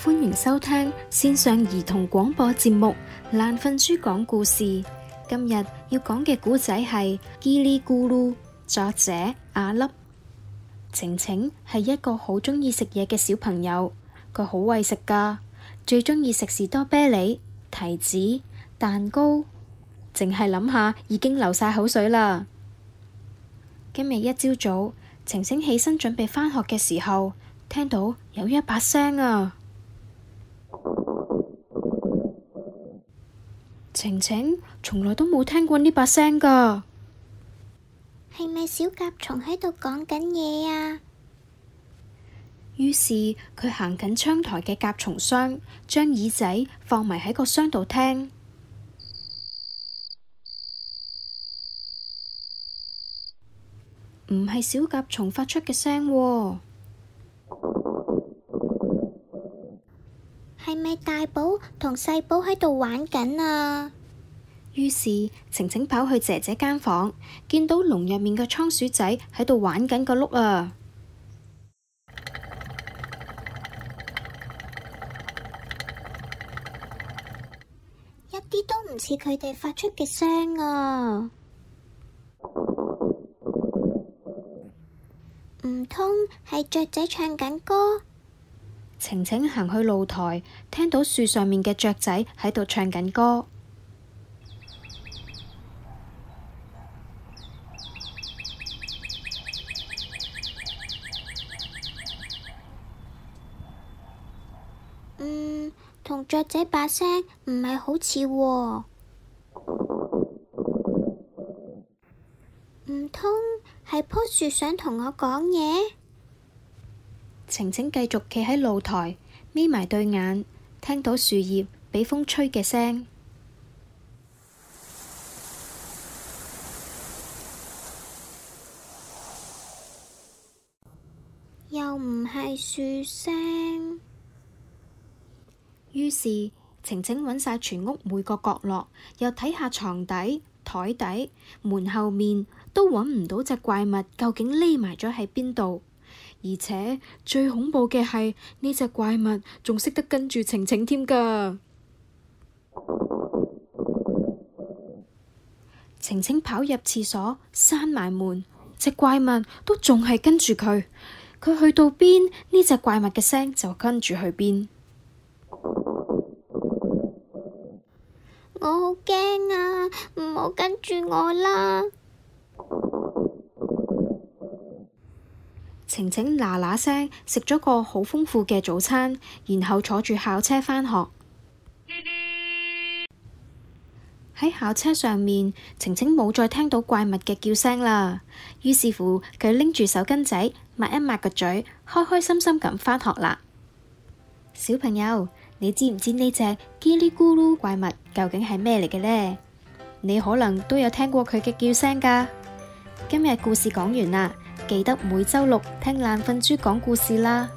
歡迎收聽線上兒童廣播節目《爛瞓豬講故事》。今日要講嘅故仔係《嘰哩咕嚕》，作者阿粒。晴晴係一個好鍾意食嘢嘅小朋友，佢好為食噶，最鍾意食士多啤梨、提子、蛋糕，淨係諗下已經流晒口水啦。今日一朝早，晴晴起身準備返學嘅時候，聽到有一把聲啊！晴晴從來都冇聽過呢把聲噶，係咪小甲蟲喺度講緊嘢啊？於是佢行緊窗台嘅甲蟲箱，將耳仔放埋喺個箱度聽，唔係 小甲蟲發出嘅聲喎。係咪大寶同細寶喺度玩緊啊？於是晴晴跑去姐姐間房，見到籠入面嘅倉鼠仔喺度玩緊個碌啊！一啲都唔似佢哋發出嘅聲啊！唔通係雀仔唱緊歌？晴晴行去露台，聽到樹上面嘅雀仔喺度唱緊歌。嗯，同雀仔把聲唔係好似喎，唔通係棵樹想同我講嘢？晴晴繼續企喺露台，眯埋對眼，聽到樹葉畀風吹嘅聲，又唔係樹聲。於是晴晴揾晒全屋每個角落，又睇下床底、台底、門後面，都揾唔到隻怪物，究竟匿埋咗喺邊度？而且最恐怖嘅係呢隻怪物仲識得跟住晴晴添㗎。 晴晴跑入廁所閂埋門，隻怪物都仲係跟住佢。佢去到邊，呢隻怪物嘅聲就跟住去邊。我好驚啊！唔好跟住我啦！晴晴嗱嗱聲食咗個好豐富嘅早餐，然後坐住校車返學。喺 校車上面，晴晴冇再聽到怪物嘅叫聲啦。於是乎，佢拎住手巾仔，抹一抹個嘴，開開心心咁返學啦。小朋友，你知唔知呢隻嘰哩咕嚕怪物究竟係咩嚟嘅呢？ 你可能都有聽過佢嘅叫聲噶。今日故事講完啦。記得每周六聽懶瞓豬講故事啦！